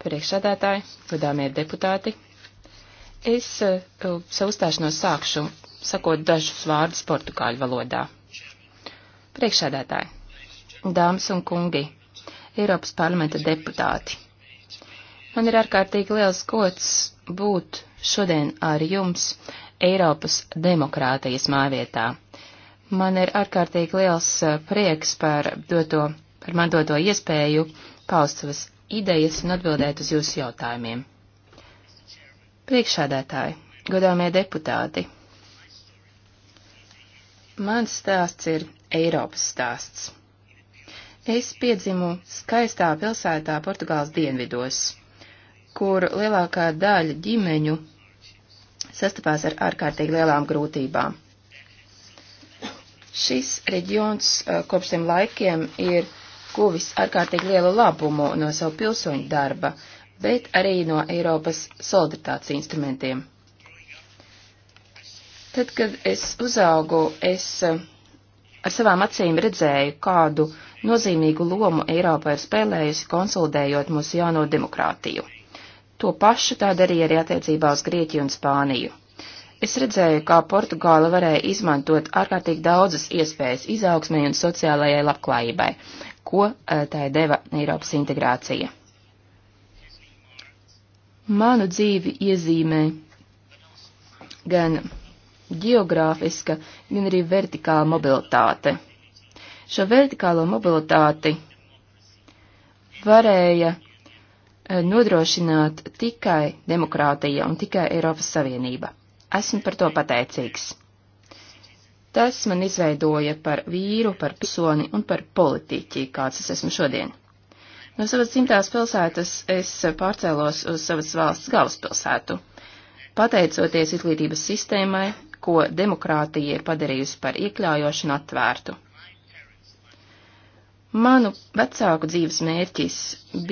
priekšsēdētāji, godāmie deputāti. Es uh, savu uzstāšanos sākšu, sakot dažus vārdus portugāļu valodā. Priekšsēdētāji, dāmas un kungi, Eiropas parlamenta deputāti. Man ir ārkārtīgi liels gods būt šodien ar jums Eiropas demokrātijas mājvietā. Man ir ārkārtīgi liels eh, prieks par, doto, par man doto iespēju paust savas idejas un atbildēt uz jūsu jautājumiem. Priekšādētāji, godāmie deputāti, mans stāsts ir Eiropas stāsts. Es piedzimu skaistā pilsētā Portugāles dienvidos, kur lielākā daļa ģimeņu sastapās ar ārkārtīgi lielām grūtībām. Šis reģions eh, kopš tiem laikiem ir guvis ārkārtīgi lielu labumu no savu pilsoņu darba, bet arī no Eiropas solidaritātes instrumentiem. Tad, kad es uzaugu, es eh, ar savām acīm redzēju, kādu nozīmīgu lomu Eiropa ir spēlējusi konsolidējot mūsu jauno demokrātiju. To pašu tā darīja arī attiecībā uz Grieķiju un Spāniju. Es redzēju, kā Portugāla varēja izmantot ārkārtīgi daudzas iespējas izaugsmai un sociālajai labklājībai ko eh, tai deva Eiropas integrācija. Manu dzīvi iezīmē gan geogrāfiska, gan arī vertikāla mobilitāte. Šo vertikālo mobilitāti varēja eh, nodrošināt tikai demokrātija un tikai Eiropas Savienība. Esmu par to pateicīgs. Tas man izveidoja par vīru, par pilsoni un par politiķi, kāds es esmu šodien. No savas dzimtās pilsētas es pārcēlos uz savas valsts galvaspilsētu. Pateicoties izglītības sistēmai, ko demokrātija ir padarījusi par iekļaujošu un atvērtu. Manu vecāku dzīves mērķis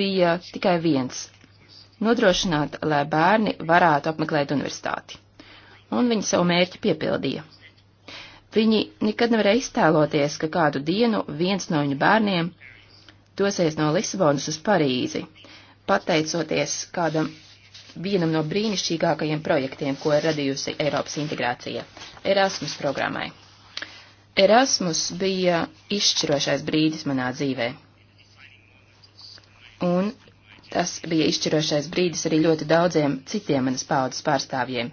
bija tikai viens - nodrošināt, lai bērni varētu apmeklēt universitāti. Un viņi savu mērķi piepildīja. Viņi nekad nevarēja iztēloties, ka kādu dienu viens no viņu bērniem dosies no Lisabonas uz Parīzi, pateicoties kādam vienam no brīnišķīgākajiem projektiem, ko ir radījusi Eiropas integrācija - Erasmus programmai. Erasmus bija izšķirošais brīdis manā dzīvē. Un Tas bija izšķirošais brīdis arī ļoti daudziem citiem manas paudzes pārstāvjiem.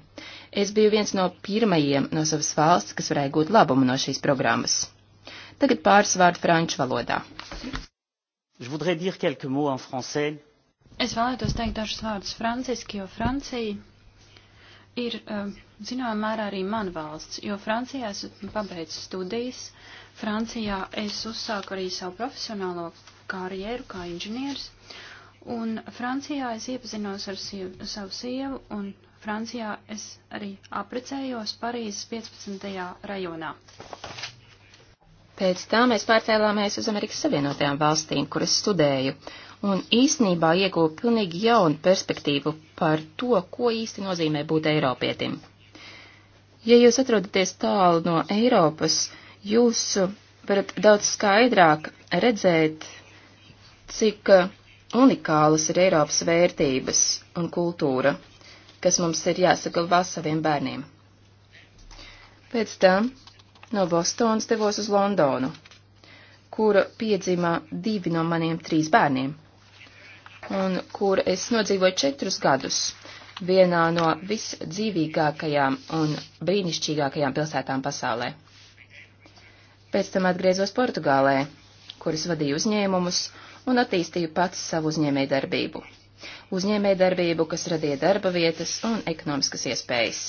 Es biju viens no pirmajiem no savas valsts, kas varēja gūt labumu no šīs programmas. Tagad pāris vārdu franču valodā. Es vēlētos teikt dažus vārdus franciski, jo Francija ir, eh, zināmā mērā, arī man valsts, jo Francijā es pabeidzu studijas, Francijā es uzsāku arī savu profesionālo karjeru kā inženieris, Un Francijā es iepazinos ar sievu, savu sievu, un Francijā es arī aprecējos Parīzes 15. rajonā. Pēc tam mēs pārcēlāmies uz Amerikas Savienotajām valstīm, kur es studēju, un īsnībā ieguvu pilnīgi jaunu perspektīvu par to, ko īsti nozīmē būt Eiropietim. Ja jūs atrodaties tālu no Eiropas, jūs varat daudz skaidrāk redzēt, cik Unikālas ir Eiropas vērtības un kultūra, kas mums ir jāsaglabā saviem bērniem. Pēc tam no Bostonas devos uz Londonu, kura piedzima divi no maniem trīs bērniem, un kur es nodzīvoju četrus gadus vienā no visdzīvīgākajām un brīnišķīgākajām pilsētām pasaulē. Pēc tam atgriezos Portugālē, kuras vadīju uzņēmumus un attīstīju pats savu uzņēmējdarbību. Uzņēmējdarbību, kas radīja darba vietas un ekonomiskas iespējas.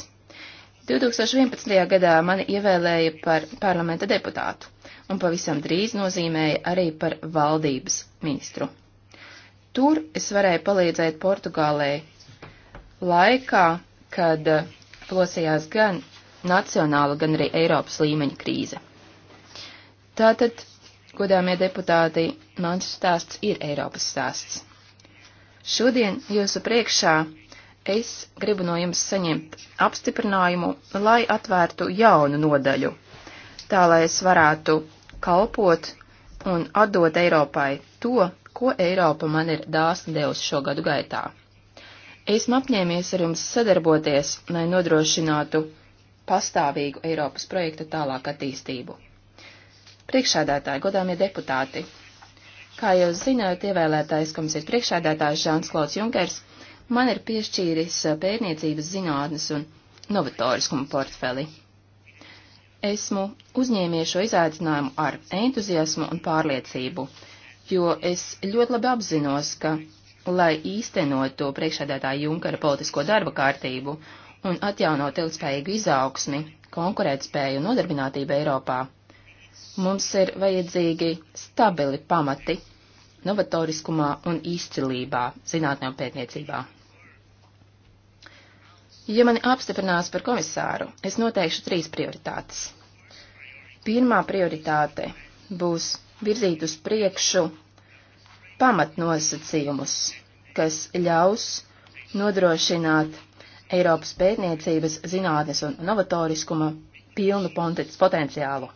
2011. gadā mani ievēlēja par parlamenta deputātu un pavisam drīz nozīmēja arī par valdības ministru. Tur es varēju palīdzēt Portugālē laikā, kad eh, plosījās gan nacionāla, gan arī Eiropas līmeņa krīze. Tātad Godāmie deputāti, mans stāsts ir Eiropas stāsts. Šodien jūsu priekšā es gribu no jums saņemt apstiprinājumu, lai atvērtu jaunu nodaļu, tā lai es varētu kalpot un atdot Eiropai to, ko Eiropa man ir dāsni devusi šo gadu gaitā. Esmu apņēmies ar jums sadarboties, lai nodrošinātu pastāvīgu Eiropas projekta tālāk attīstību. Priekšādātāji, godāmie deputāti! Kā jau zināt, ievēlētais komisijas priekšādātājs Žāns Klauds Junkers man ir piešķīris pērniecības zinātnes un novatoriskumu portfeli. Esmu uzņēmies šo izaicinājumu ar entuziasmu un pārliecību, jo es ļoti labi apzinos, ka, lai īstenotu priekšādātāja Junkara politisko darba kārtību un atjaunot ilgspējīgu izaugsmi, konkurētspēju un nodarbinātību Eiropā, Mums ir vajadzīgi stabili pamati novatoriskumā un izcilībā, zinātnē un pētniecībā. Ja mani apstiprinās par komisāru, es noteikšu trīs prioritātes. Pirmā prioritāte būs virzīt uz priekšu pamatnosacījumus, kas ļaus nodrošināt Eiropas pētniecības, zinātnes un novatoriskuma pilnu potenciālu.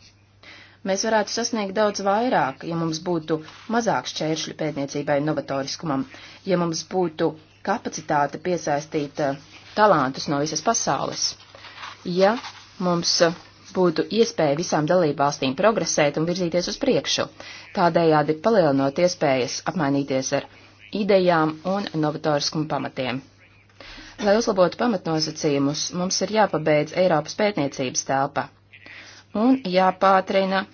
Mēs varētu sasniegt daudz vairāk, ja mums būtu mazāk šķēršļu pētniecībai un novatoriskumam, ja mums būtu kapacitāte piesaistīt eh, talantus no visas pasaules, ja mums eh, būtu iespēja visām dalībvalstīm progresēt un virzīties uz priekšu, tādējādi palielinot iespējas apmainīties ar idejām un novatoriskumu pamatiem. Lai uzlabotu pamatnosacījumus, mums ir jāpabeidz Eiropas pētniecības telpa un jāpātrina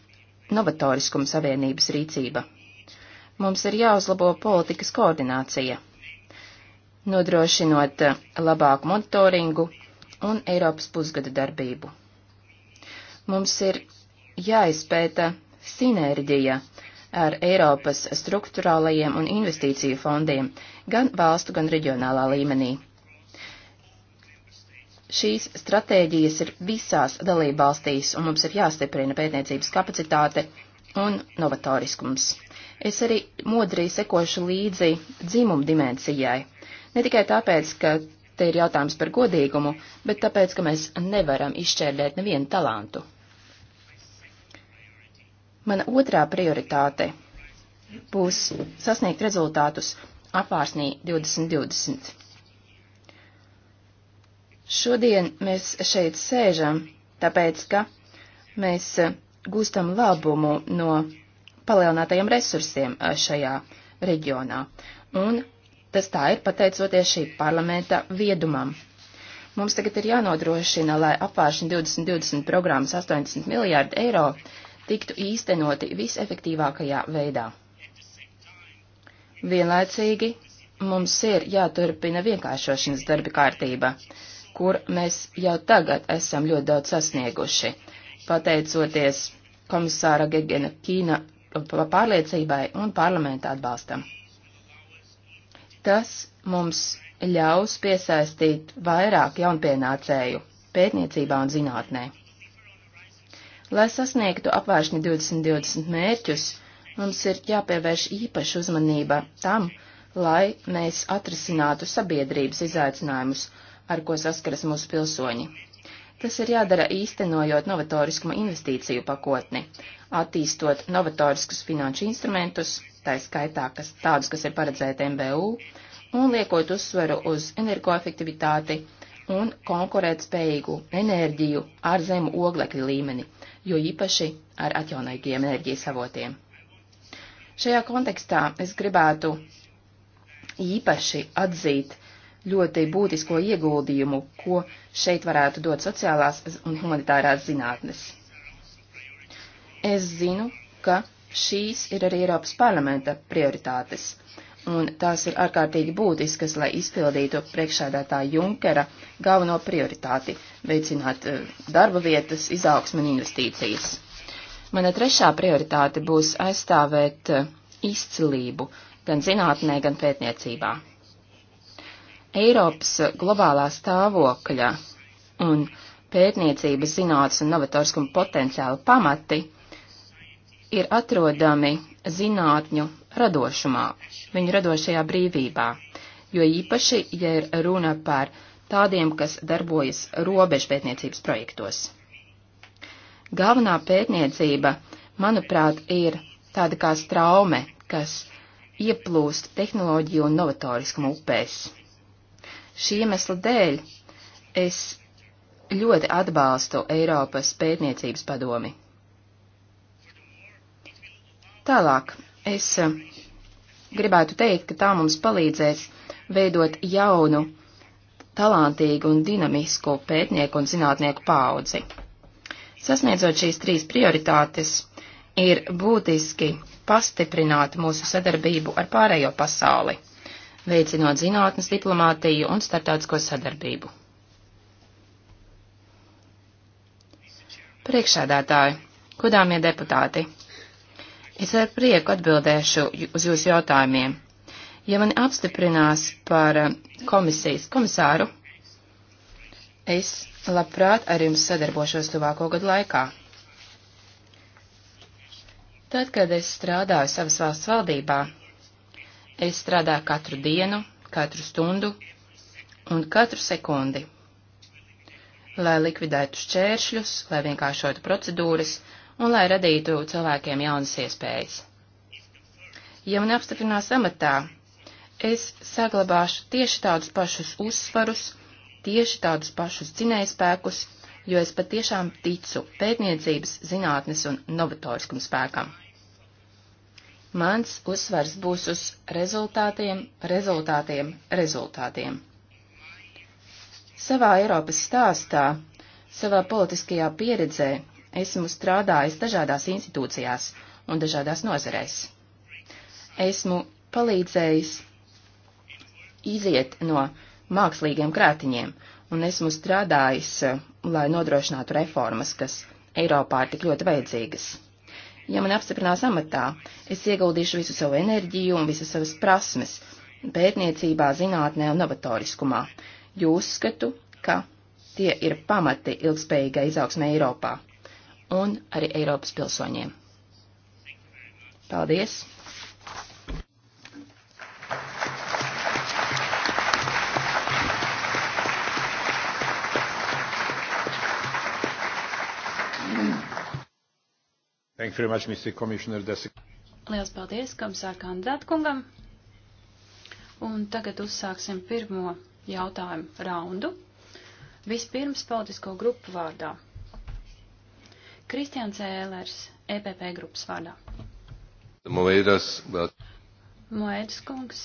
novatoriskuma savienības rīcība. Mums ir jāuzlabo politikas koordinācija, nodrošinot labāku monitoringu un Eiropas pusgada darbību. Mums ir jāizpēta sinerģija ar Eiropas struktūrālajiem un investīciju fondiem gan valstu, gan reģionālā līmenī šīs stratēģijas ir visās dalībvalstīs, un mums ir jāstiprina pētniecības kapacitāte un novatoriskums. Es arī modrī sekošu līdzi dzimumu dimensijai. Ne tikai tāpēc, ka te ir jautājums par godīgumu, bet tāpēc, ka mēs nevaram izšķērdēt nevienu talantu. Mana otrā prioritāte būs sasniegt rezultātus apvārsnī 2020 Šodien mēs šeit sēžam, tāpēc, ka mēs eh, gūstam labumu no palielinātajiem resursiem eh, šajā reģionā. Un tas tā ir pateicoties šī parlamenta viedumam. Mums tagad ir jānodrošina, lai apvāršana 2020 programmas 80 miljārdi eiro tiktu īstenoti visefektīvākajā veidā. Vienlaicīgi mums ir jāturpina vienkāršošanas darbi kārtība kur mēs jau tagad esam ļoti daudz sasnieguši, pateicoties komisāra Gegena Kīna pārliecībai un parlamenta atbalstam. Tas mums ļaus piesaistīt vairāk jaunpienācēju pētniecībā un zinātnē. Lai sasniegtu apvēršņi 2020 mērķus, mums ir jāpievērš īpaša uzmanība tam, lai mēs atrisinātu sabiedrības izaicinājumus ar ko saskaras mūsu pilsoņi. Tas ir jādara īstenojot novatoriskumu investīciju pakotni, attīstot novatoriskus finanšu instrumentus, tā skaitā kas, tādus, kas ir paredzēti MBU, un liekot uzsveru uz energoefektivitāti un konkurētspējīgu enerģiju ar zemu oglekļa līmeni, jo īpaši ar atjaunīgiem enerģijas avotiem. Šajā kontekstā es gribētu īpaši atzīt ļoti būtisko ieguldījumu, ko šeit varētu dot sociālās un humanitārās zinātnes. Es zinu, ka šīs ir arī Eiropas parlamenta prioritātes, un tās ir ārkārtīgi būtiskas, lai izpildītu priekšādātā Junkera galveno prioritāti - veicināt eh, darba vietas, izaugsmu un investīcijas. Mana trešā prioritāte būs aizstāvēt eh, izcilību gan zinātnē, gan pētniecībā. Eiropas globālā stāvokļa un pētniecības zinātnes un novatorskuma potenciāla pamati ir atrodami zinātņu radošumā, viņu radošajā brīvībā, jo īpaši, ja ir runa par tādiem, kas darbojas robežpētniecības projektos. Galvenā pētniecība, manuprāt, ir tāda kā straume, kas ieplūst tehnoloģiju un novatoriskumu upēs. Šī iemesla dēļ es ļoti atbalstu Eiropas pētniecības padomi. Tālāk, es eh, gribētu teikt, ka tā mums palīdzēs veidot jaunu, talantīgu un dinamisku pētnieku un zinātnieku paudzi. Sasniedzot šīs trīs prioritātes, ir būtiski pastiprināt mūsu sadarbību ar pārējo pasauli veicinot zinātnes diplomātiju un starptautisko sadarbību. Priekšsēdētāji, godāmie deputāti, es ar prieku atbildēšu uz jūsu jautājumiem. Ja mani apstiprinās par eh, komisijas komisāru, es labprāt ar jums sadarbošos tuvāko gadu laikā. Tad, kad es strādāju savas valsts valdībā, Es strādāju katru dienu, katru stundu un katru sekundi, lai likvidētu šķēršļus, lai vienkāršotu procedūras un lai radītu cilvēkiem jaunas iespējas. Ja man apstiprinās amatā, es saglabāšu tieši tādus pašus uzsvarus, tieši tādus pašus cinējspēkus, jo es patiešām ticu pētniecības, zinātnes un novatoriskam spēkam. Mans uzsvars būs uz rezultātiem, rezultātiem, rezultātiem. Savā Eiropas stāstā, savā politiskajā pieredzē esmu strādājis dažādās institūcijās un dažādās nozarēs. Esmu palīdzējis iziet no mākslīgiem krātiņiem, un esmu strādājis, lai nodrošinātu reformas, kas Eiropā ir tik ļoti vajadzīgas ja man apstiprinās amatā. Es ieguldīšu visu savu enerģiju un visas savas prasmes pētniecībā, zinātnē un novatoriskumā. Jo uzskatu, ka tie ir pamati ilgspējīgai izaugsmē Eiropā un arī Eiropas pilsoņiem. Paldies! Much, Liels paldies, komisār kandidātkungam. Un tagad uzsāksim pirmo jautājumu raundu. Vispirms politisko grupu vārdā. Kristians Ēlers, EPP grupas vārdā. Moedas kungs,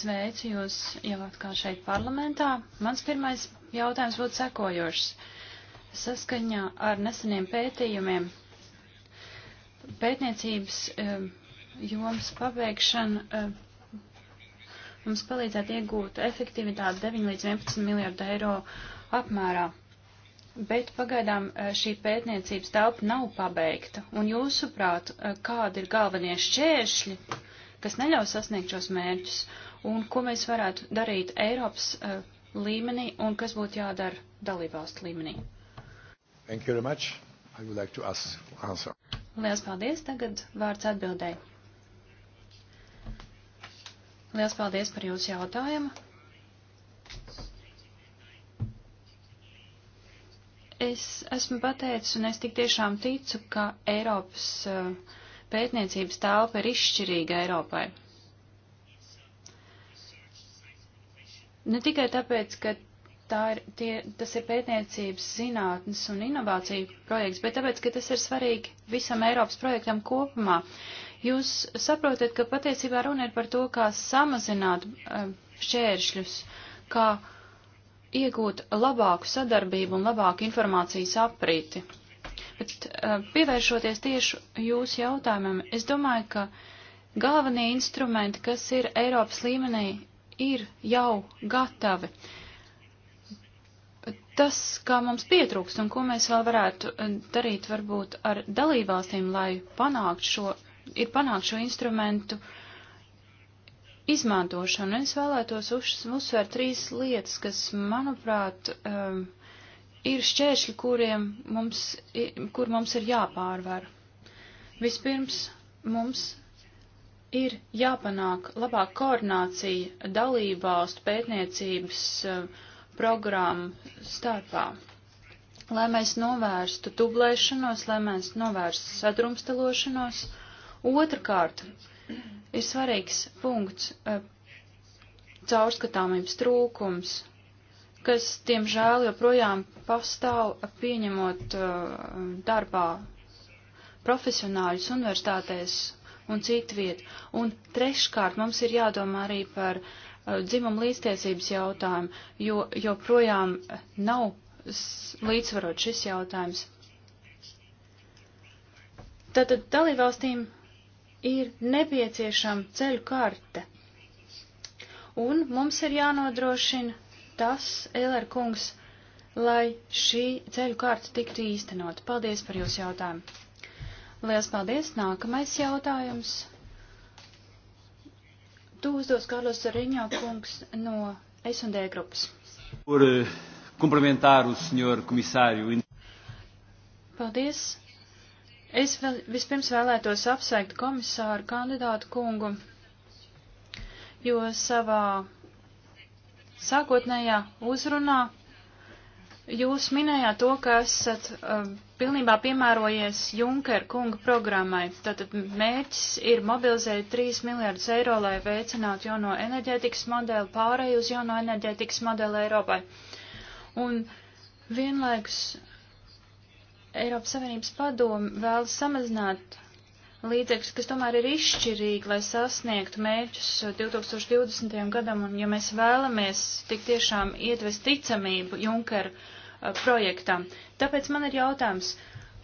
sveicu jūs jau atkal šeit parlamentā. Mans pirmais jautājums būtu sekojošs. Saskaņā ar neseniem pētījumiem pētniecības um, jomas pabeigšana um, mums palīdzētu iegūt efektivitāti 9 līdz 11 miljardu eiro apmērā. Bet pagaidām uh, šī pētniecības telpa nav pabeigta. Un jūsuprāt, uh, kādi ir galvenie šķēršļi, kas neļauj sasniegt šos mērķus, un ko mēs varētu darīt Eiropas uh, līmenī, un kas būtu jādara dalībvalstu līmenī? Like Liels paldies. Tagad vārds atbildēji. Liels paldies par jūsu jautājumu. Es esmu pateicis, un es tik tiešām ticu, ka Eiropas eh, pētniecības telpa ir izšķirīga Eiropai. Ne tikai tāpēc, ka tā ir, tie, tas ir pētniecības, zinātnes un inovāciju projekts, bet tāpēc, ka tas ir svarīgi visam Eiropas projektam kopumā. Jūs saprotat, ka patiesībā runa ir par to, kā samazināt eh, šķēršļus, kā iegūt labāku sadarbību un labāku informācijas aprīti. Bet eh, pievēršoties tieši jūsu jautājumam, es domāju, ka galvenie instrumenti, kas ir Eiropas līmenī, ir jau gatavi. Uh, tas, kā mums pietrūks un ko mēs vēl varētu eh, darīt varbūt ar dalībvalstīm, lai panākt šo, ir panākt šo instrumentu izmantošanu. Es vēlētos uzsvērt trīs lietas, kas, manuprāt, um, ir šķēršļi, kuriem mums, kur mums ir jāpārvar. Vispirms mums ir jāpanāk labāk koordinācija dalībvalstu pētniecības uh, programmu starpā. Lai mēs novērstu dublēšanos, lai mēs novērstu sadrumstalošanos. Otrakārt, ir svarīgs punkts eh, caurskatāmības trūkums, kas, diemžēl, joprojām pastāv pieņemot eh, darbā profesionāļus universitātēs un citu vietu. Un treškārt mums ir jādomā arī par uh, Eh, dzimumu līdztiesības jautājumu, jo joprojām nav līdzsvarot šis jautājums. Tātad dalībvalstīm ir nepieciešama ceļu karte, un mums ir jānodrošina tas, Eler kungs, lai šī ceļu kārta tiktu īstenot. Paldies par jūsu jautājumu. Lielas paldies. Nākamais jautājums. To uzdos Karlos Riņā kungs no S&D grupas. Por eh, cumprimentar o senhor komisāru. Paldies. Es vēl, vispirms vēlētos apsveikt komisāru kandidātu kungu, jo savā sākotnējā uzrunā Jūs minējāt to, ka esat uh, pilnībā piemērojies Junker kunga programmai. Tātad mērķis ir mobilizēt 3 miljardus eiro, lai veicinātu jauno enerģētikas modeli, pārēju uz jauno enerģētikas modeli Eiropai. Un vienlaikus Eiropas Savienības padomu vēlas samazināt līdzekļus, kas tomēr ir izšķirīgi, lai sasniegtu mērķus 2020. Uh, gadam, un ja mēs vēlamies tik tiešām ietvest ticamību Junkeru projektam. Tāpēc man ir jautājums,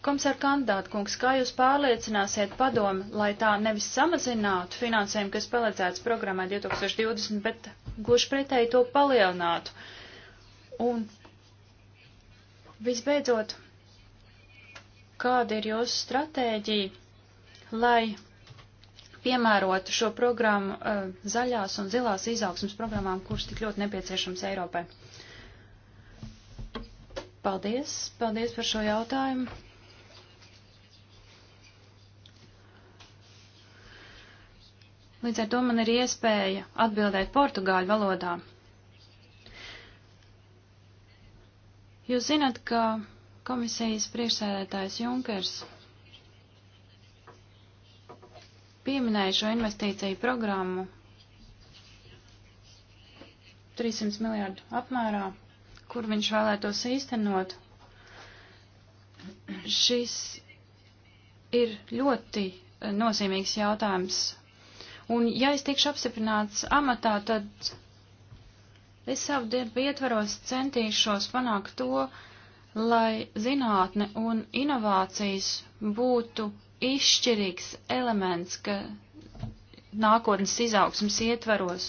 komisāra kandidāta kungs, kā jūs pārliecināsiet padomu, lai tā nevis samazinātu finansējumu, kas paredzēts programmai 2020, bet gluži pretēji to palielinātu? Un visbeidzot, kāda ir jūsu stratēģija, lai piemērotu šo programmu eh, zaļās un zilās izaugsmas programmām, kuras tik ļoti nepieciešams Eiropai? Paldies, paldies par šo jautājumu. Līdz ar to man ir iespēja atbildēt portugāļu valodā. Jūs zināt, ka komisijas priekšsēdētājs Junkers pieminēja šo investīciju programmu 300 miljārdu apmērā kur viņš vēlētos īstenot. Šis ir ļoti eh, nozīmīgs jautājums. Un ja es tikšu apstiprināts amatā, tad es savu darbu ietvaros centīšos panākt to, lai zinātne un inovācijas būtu izšķirīgs elements, ka nākotnes izaugsmas ietvaros.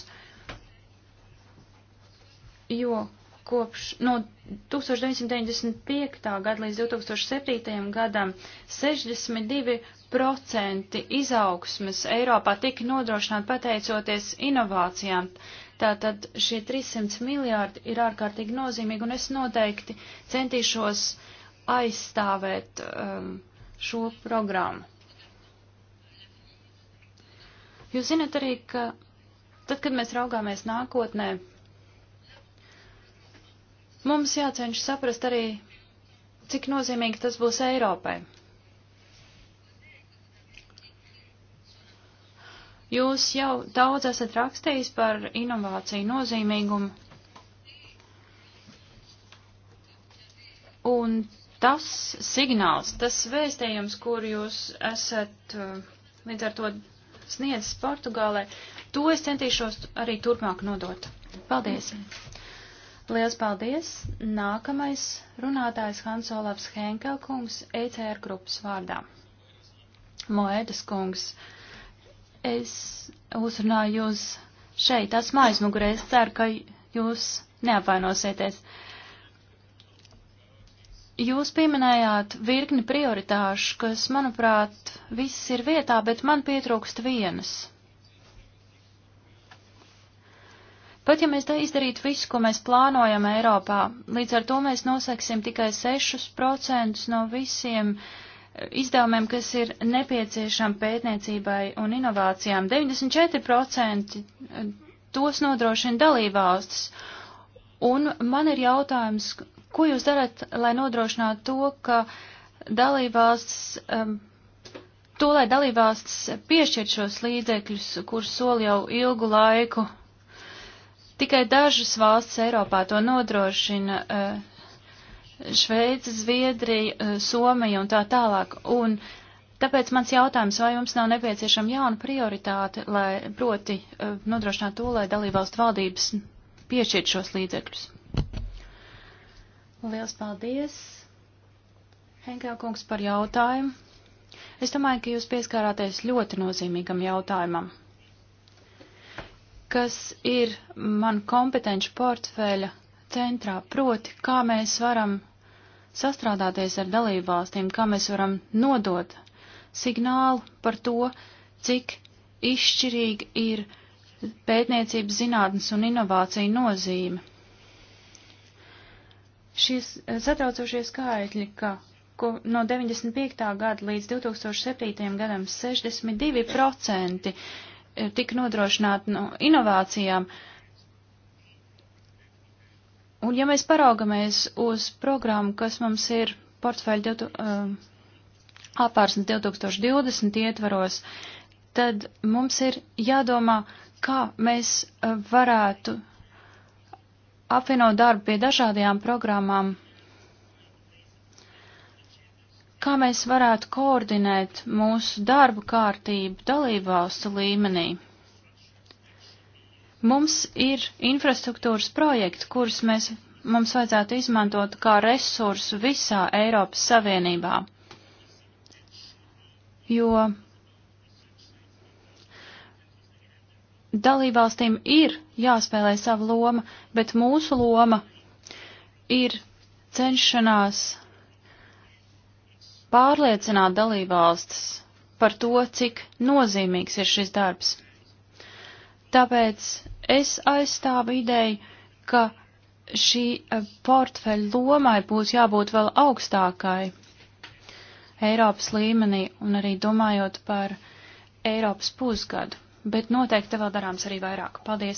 Jo Kopš no 1995. gada līdz 2007. gadam 62% izaugsmes Eiropā tika nodrošināta pateicoties inovācijām. Tātad šie 300 miljārdi ir ārkārtīgi nozīmīgi, un es noteikti centīšos aizstāvēt um, šo programmu. Jūs zinat arī, ka tad, kad mēs raugāmies nākotnē, Mums jācenš saprast arī, cik nozīmīgi tas būs Eiropai. Jūs jau daudz esat rakstījis par inovāciju nozīmīgumu. Un tas signāls, tas vēstījums, kur jūs esat uh, līdz ar to sniedzis Portugālē, to es centīšos arī turpmāk nodot. Paldies! Mm. Liels paldies! Nākamais runātājs Hans Olafs Henkelkungs, ECR grupas vārdā. Moēdas kungs, es uzrunāju jūs šeit, esmu aizmugurē, es ceru, ka jūs neapvainosieties. Jūs pieminējāt virkni prioritāšu, kas, manuprāt, viss ir vietā, bet man pietrūkst vienas. Pat ja mēs tā izdarītu visu, ko mēs plānojam Eiropā, līdz ar to mēs nosaksim tikai 6% no visiem eh, izdevumiem, kas ir nepieciešami pētniecībai un inovācijām. 94% eh, tos nodrošina dalībvalstis. Un man ir jautājums, ko jūs darat, lai nodrošinātu to, ka dalībvalsts, um, eh, to, lai dalībvalsts piešķirt šos līdzekļus, kur soli jau ilgu laiku Tikai dažas valsts Eiropā to nodrošina eh, Šveica, Zviedrija, eh, Somija un tā tālāk. Un tāpēc mans jautājums, vai jums nav nepieciešama jauna prioritāte, lai proti eh, nodrošināt to, lai dalībvalstu valdības piešķirt šos līdzekļus? Liels paldies, Henkā kungs, par jautājumu. Es domāju, ka jūs pieskārāties ļoti nozīmīgam jautājumam kas ir man kompetenci portfeļa centrā, proti, kā mēs varam sastrādāties ar dalībvalstīm, kā mēs varam nodot signālu par to, cik izšķirīga ir pētniecības zinātnes un inovācija nozīme. Šīs satraucošie skaitļi, ka no 95. gada līdz 2007. gadam 62% tika nodrošināta no nu, inovācijām. Un ja mēs paraugamies uz programmu, kas mums ir portfeļa uh, apārsnes 2020 ietvaros, tad mums ir jādomā, kā mēs uh, varētu apvienot darbu pie dažādajām programmām kā mēs varētu koordinēt mūsu darbu kārtību dalībvalstu līmenī. Mums ir infrastruktūras projekti, kurus mēs, mums vajadzētu izmantot kā resursu visā Eiropas Savienībā, jo dalībvalstīm ir jāspēlē sava loma, bet mūsu loma ir cenšanās pārliecināt dalībvalstis par to, cik nozīmīgs ir šis darbs. Tāpēc es aizstāvu ideju, ka šī eh, portfeļa lomai būs jābūt vēl augstākai Eiropas līmenī un arī domājot par Eiropas pusgadu. Bet noteikti vēl darāms arī vairāk. Paldies!